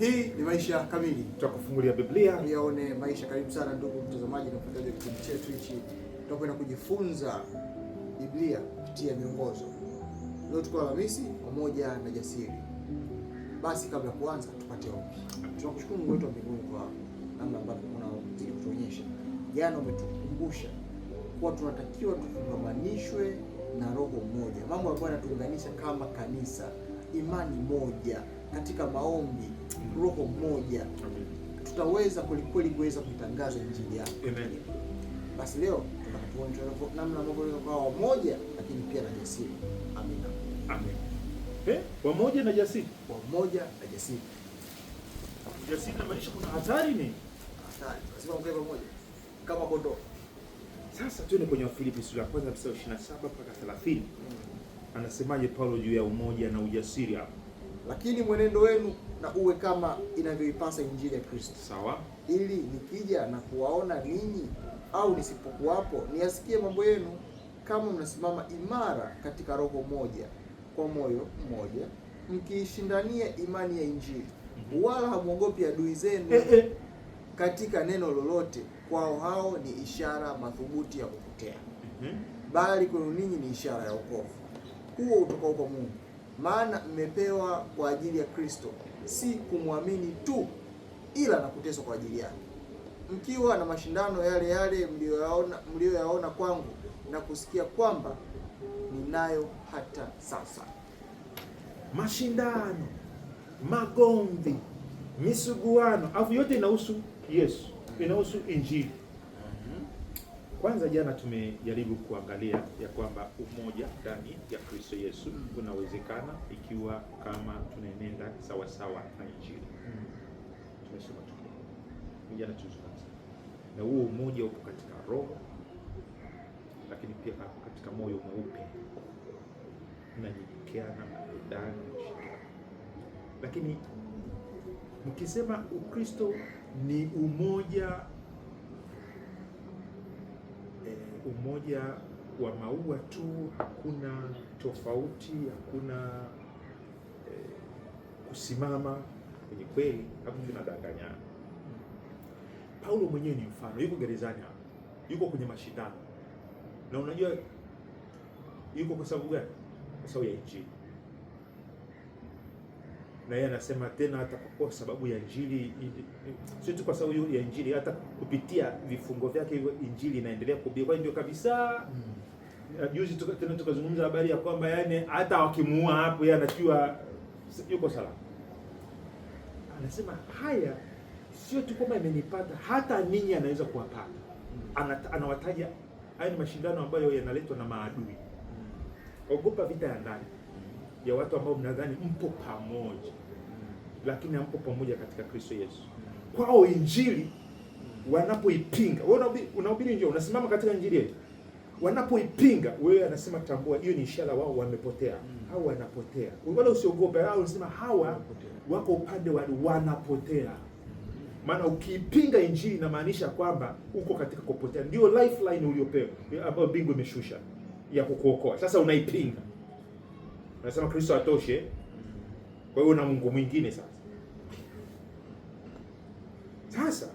Hii ni Maisha Kamili, tutakufungulia Biblia yaone maisha. Karibu sana ndugu mtazamaji na mfuatiliaji wa kipindi chetu hichi, tutakwenda kujifunza Biblia kupitia miongozo. Leo tuko Alhamisi pamoja na Jasiri. Basi kabla ya kuanza, tupate ombi. Tunakushukuru Mungu wetu wa mbinguni kwa namna ambavyo unazidi kutuonyesha. Jana umetukumbusha kuwa tunatakiwa tufungamanishwe na roho moja, mambo ambayo yanatuunganisha kama kanisa, imani moja katika maombi mm. roho mmoja Amen. tutaweza kwelikweli kuweza kuitangaza injili yako. Amen. Basi leo tunatuona namna ambavyo kwa wamoja lakini pia na jasiri. Amina. Amen. Eh, wamoja na jasiri, wamoja na jasiri. Jasiri inamaanisha kuna hatari ni Hatari. Lazima mkae pamoja kama kondoo. Sasa tuende kwenye Wafilipi sura ya kwanza mstari 27 mpaka 30. Mm. Anasemaje Paulo juu ya umoja na ujasiri hapo? lakini mwenendo wenu na uwe kama inavyoipasa injili ya Kristo. Sawa, ili nikija na kuwaona ninyi au nisipokuwapo niyasikie mambo yenu, kama mnasimama imara katika roho moja, kwa moyo mmoja, mkiishindania imani ya Injili, mhm. wala hamwogopi adui zenu eh, eh. katika neno lolote. Kwao hao ni ishara madhubuti ya kupotea, mhm. bali kwenu ninyi ni ishara ya wokovu, huo utokao kwa Mungu maana mmepewa kwa ajili ya Kristo, si kumwamini tu, ila na kuteswa kwa ajili yake, mkiwa na mashindano yale yale mlioyaona mlioyaona kwangu na kusikia kwamba ninayo hata sasa. Mashindano, magomvi, misuguano, afu yote inahusu Yesu, inahusu Injili. Kwanza jana tumejaribu kuangalia ya kwamba umoja ndani ya Kristo Yesu mm. unawezekana ikiwa kama tunaenenda sawasawa na Injili. Mm. Tumesoma jana tuzungumza, na huo umoja upo katika roho, lakini pia katika moyo mweupe, mnanyenyekeana, mapendano, Lakini mkisema Ukristo ni umoja mmoja wa maua tu, hakuna tofauti, hakuna eh, kusimama kwenye kweli, hapo tunadanganyana. Paulo mwenyewe ni mfano, yuko gerezani hapo, yuko kwenye mashindano, na unajua yuko kwa sababu gani? Kwa sababu ya Injili na yeye anasema tena, hata kwa sababu ya Injili, sio tu kwa sababu ya Injili, hata kupitia vifungo vyake hivyo Injili inaendelea kuhubiriwa. Kwa hiyo ndio kabisa mm. juzi tuka, tena tukazungumza habari ya kwamba yani hata wakimuua hapo yeye anajua yuko salama. Anasema haya sio tu kwamba imenipata, hata ninyi anaweza kuwapata. Mm. Ana, anawataja haya ni mashindano ambayo yanaletwa na maadui. Mm. Ogopa vita ya ndani ya watu ambao mnadhani mpo pamoja, lakini hampo pamoja katika Kristo Yesu. Kwao injili wanapoipinga, wewe unahubiri injili, unasimama katika injili yetu, wanapoipinga wewe, anasema tambua, hiyo ni ishara wao wamepotea, au wanapotea. Wala usiogope, au unasema hawa wako upande wa wanapotea maana ukiipinga injili inamaanisha kwamba uko katika kupotea. Ndio lifeline uliopewa ambayo mbingu imeshusha ya kukuokoa, sasa unaipinga. Unasema Kristo atoshe, kwa hiyo una mungu mwingine sasa. Sasa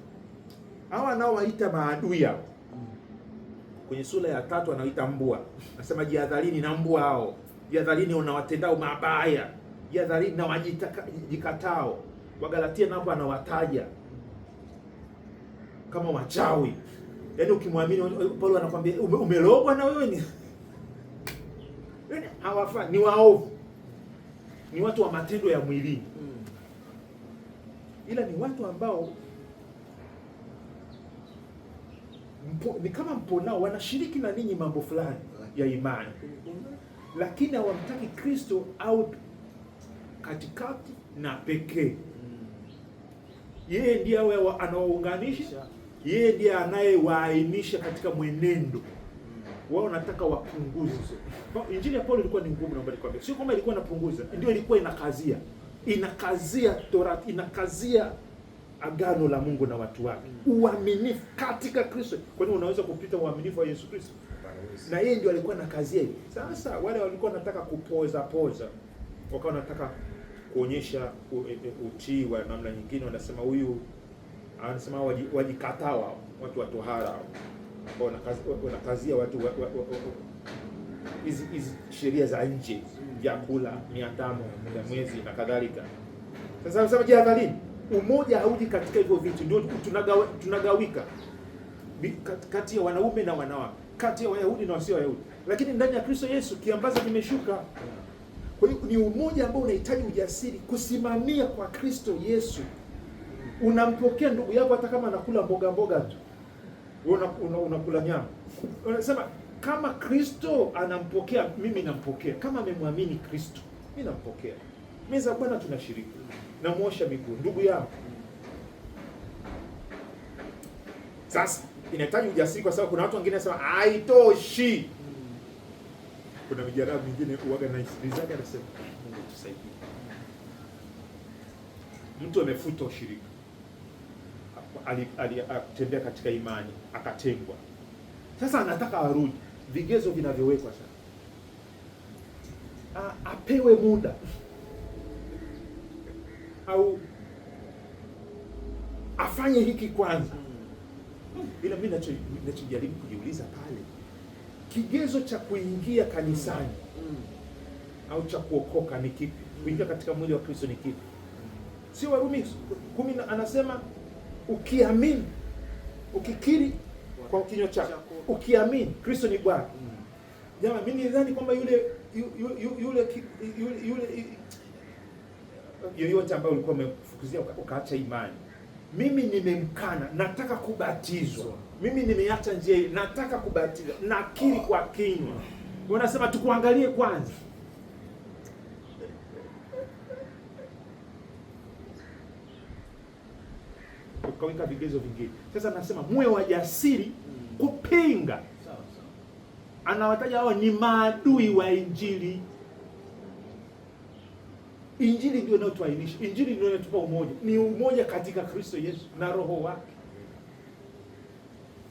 hawa waita maadui hao kwenye sura ya tatu anaoita mbwa, anasema jihadharini na mbwa hao, jihadharini unawatendao mabaya, jihadharini na wajikatao. Wagalatia napo anawataja kama wachawi, yaani ukimwamini Paulo anakwambia umelogwa na wewe ni hawafa ni waovu, ni watu wa matendo ya mwilini mm. Ila ni watu ambao mpo, ni kama mponao, wanashiriki na ninyi mambo fulani ya imani lakini hawamtaki Kristo au katikati na pekee. Yeye ndiye awe anawaunganisha, yeye ndiye anayewaainisha katika mwenendo wao nataka wapunguze. No, injili ya Paulo ilikuwa ni ngumu, naomba nikwambie, sio kwamba ilikuwa inapunguza, ndio ilikuwa inakazia, inakazia Torati, inakazia agano la Mungu na watu wake, uaminifu katika Kristo. nini unaweza kupita uaminifu wa Yesu Kristo? Na yeye ndio alikuwa anakazia hiyo. Sasa wale walikuwa wanataka kupoza poza, wakawa wanataka kuonyesha e, e, utii wa namna nyingine, wanasema huyu, anasema wajikataa wao, watu wa tohara ambao wanakazia watu hizi sheria za nje, vyakula mia tano ya mwezi na kadhalika. Sasa nasema je, umoja hauji katika hivyo vitu, ndio tunagawa, tunagawika kati ya wanaume na wanawake, kati ya Wayahudi na wasio Wayahudi, lakini ndani ya Kristo Yesu kiambaza kimeshuka. Kwa hiyo ni umoja ambao unahitaji ujasiri kusimamia kwa Kristo Yesu. Unampokea ndugu yako hata kama anakula mboga mboga tu unakula una, una nyama. Unasema kama Kristo anampokea, mimi nampokea. Kama amemwamini Kristo, mimi nampokea. Meza Bwana tunashiriki, namwosha miguu ndugu yangu. Sasa inahitaji ujasiri, kwa sababu kuna watu wengine wanasema haitoshi. Kuna mijadala mingine uwaga naisikilizaga, anasema Mungu tusaidie, mtu amefuta ushirika alitembea katika imani akatengwa. Sasa anataka arudi, vigezo vinavyowekwa sasa, apewe muda au afanye hiki kwanza. Hmm. Ila mi nachojaribu kujiuliza pale, kigezo cha kuingia kanisani hmm. au cha kuokoka ni kipi? Hmm. Kuingia katika mwili wa Kristo ni kipi? Si Warumi kumi anasema ukiamini, ukikiri kwa kinywa chako, ukiamini Kristo ni Bwana. Mm. Jamaa, mimi nidhani kwamba yule yule yule yoyote ambayo ulikuwa umefukuzia ukaacha imani, mimi nimemkana, nataka kubatizwa, mimi nimeacha njia, nataka kubatizwa, nakiri kwa kinywa. Mm. Wanasema tukuangalie kwanza ukaweka vigezo vingine. Sasa nasema muwe wajasiri kupinga. Anawataja hao ni maadui wa Injili. Injili ndio inayotuainisha, Injili ndio inatupa umoja, ni umoja katika Kristo Yesu na Roho wake.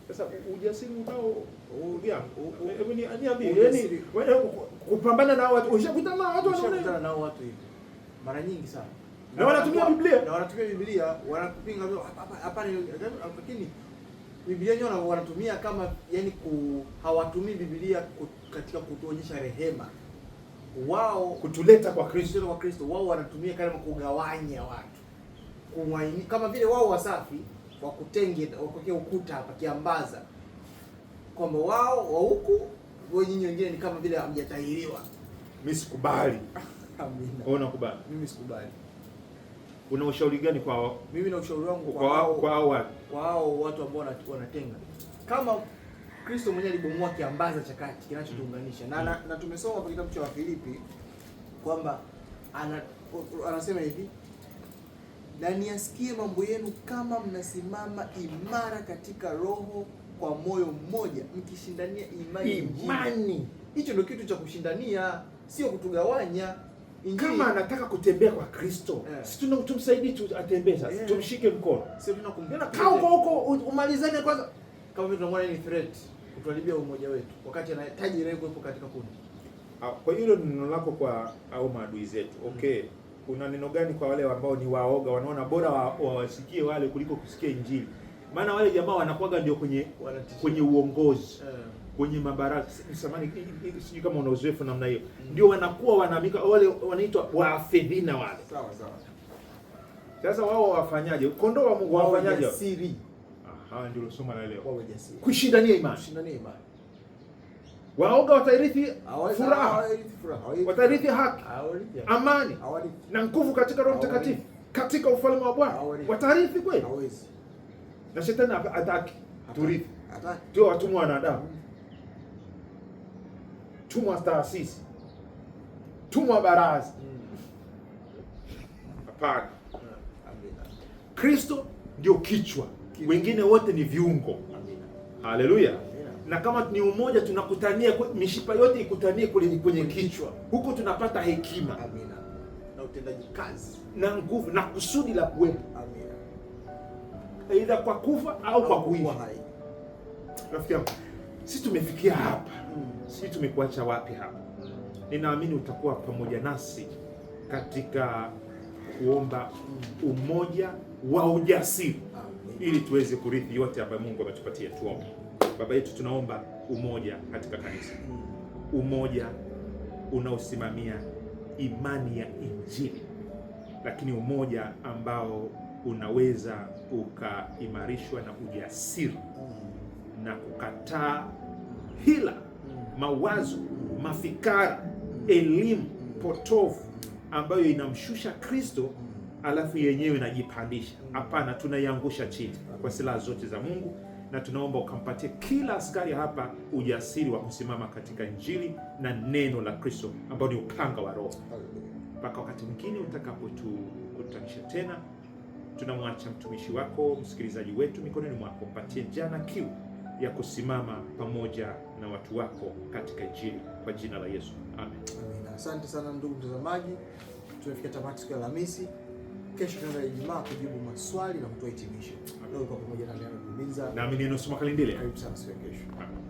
Sasa ujasiri unao yaani, kupambana na watu, ushakutana na watu hivi mara nyingi sana na wanatumia Biblia na wanatumia Biblia wanakupinga hapa hapa, lakini Biblia yenyewe wanatumia kama yani ku, hawatumii Biblia katika kutuonyesha rehema wao, kutuleta kwa Kristo kwa Kristo. Wao wanatumia kama kugawanya watu kumwaini, kama vile wao wasafi wakutenge wakuwekee ukuta hapa kiambaza kwamba wao wa huku nyinyi wengine ni kama vile hamjatahiriwa. Mimi sikubali. Amina. Wewe unakubali? Mimi sikubali una ushauri gani kwa wao? Mimi na ushauri wangu kwa wao, kwa wao watu ambao wanatenga, kama Kristo mwenyewe alibomoa kiambaza cha kati kinachotuunganisha na, na, mm. na tumesoma kwa kitabu cha Wafilipi kwamba ana, anasema hivi na niasikie mambo yenu kama mnasimama imara katika roho kwa moyo mmoja mkishindania imani imani. Hicho ndio kitu cha kushindania, sio kutugawanya. Kama anataka kutembea kwa Kristo yeah. Si tuna tumsaidie tu atembee sasa yeah. Tumshike mkono sio tunakumbia yaani kaa huko huko umalizane kwanza, kama vile tunamwona ni threat kutuharibia umoja wetu, wakati anahitaji ile kuwepo katika kundi. Ah, kwa hiyo ni neno lako kwa au maadui zetu okay mm. Kuna neno gani kwa wale ambao ni waoga, wanaona bora wawasikie wa wale kuliko kusikia Injili? Maana wale jamaa wanakuwaga ndio kwenye kwenye uongozi yeah kwenye mabaraka samani, sijui kama una uzoefu namna hiyo, ndio wanakuwa wanaamika wale wanaitwa waafidhina wale. Sawa sawa. Sasa wao wafanyaje? Kondoo wa Mungu wafanyaje? Siri. Aha, ndio somo la leo. jasiri. Kushindania imani. Kushindania imani. Waoga watairithi furaha, watairithi haki, amani na nguvu katika Roho Mtakatifu, katika ufalme wa Bwana. Watarithi kweli? Na shetani hataki turithi, ndio watumwa wanadamu tumwa taasisi, tumwa baraza. Mm. Hapana, Kristo ndio kichwa, wengine wote ni viungo. Haleluya! Na kama ni umoja, tunakutania mishipa yote ikutanie kwenye, kwenye kichwa. Huko tunapata hekima Amina. na utendaji kazi na nguvu na kusudi la kuwepo aidha kwa kufa au kwa kuishi. Rafiki yangu, sisi tumefikia hapa sisi tumekuacha wapi hapa? Ninaamini utakuwa pamoja nasi katika kuomba umoja wa ujasiri ili tuweze kurithi yote ambayo Mungu ametupatia. Tuombe. Baba yetu, tunaomba umoja katika kanisa, hmm. umoja unaosimamia imani ya Injili, lakini umoja ambao unaweza ukaimarishwa na ujasiri hmm. na kukataa hila mawazo, mafikara, elimu potofu ambayo inamshusha Kristo, alafu yenyewe inajipandisha. Hapana, tunaiangusha chini kwa silaha zote za Mungu, na tunaomba ukampatie kila askari hapa ujasiri wa kusimama katika Injili na neno la Kristo ambayo ni upanga wa Roho. Mpaka wakati mwingine utakapotukutanisha tena, tunamwacha mtumishi wako, msikilizaji wetu mikononi mwako. Mpatie jana kiu ya kusimama pamoja na watu wako katika Injili kwa jina la Yesu. Amen. Asante sana ndugu mtazamaji, tumefikia tamati siku ya Alhamisi. Kesho tunaenda Ijumaa kujibu maswali na kutoa hitimisho. Leo kwa pamoja na Leonard Mbinza. Naamini ni Osman Kalindile. Karibu sana siku ya kesho. Amen.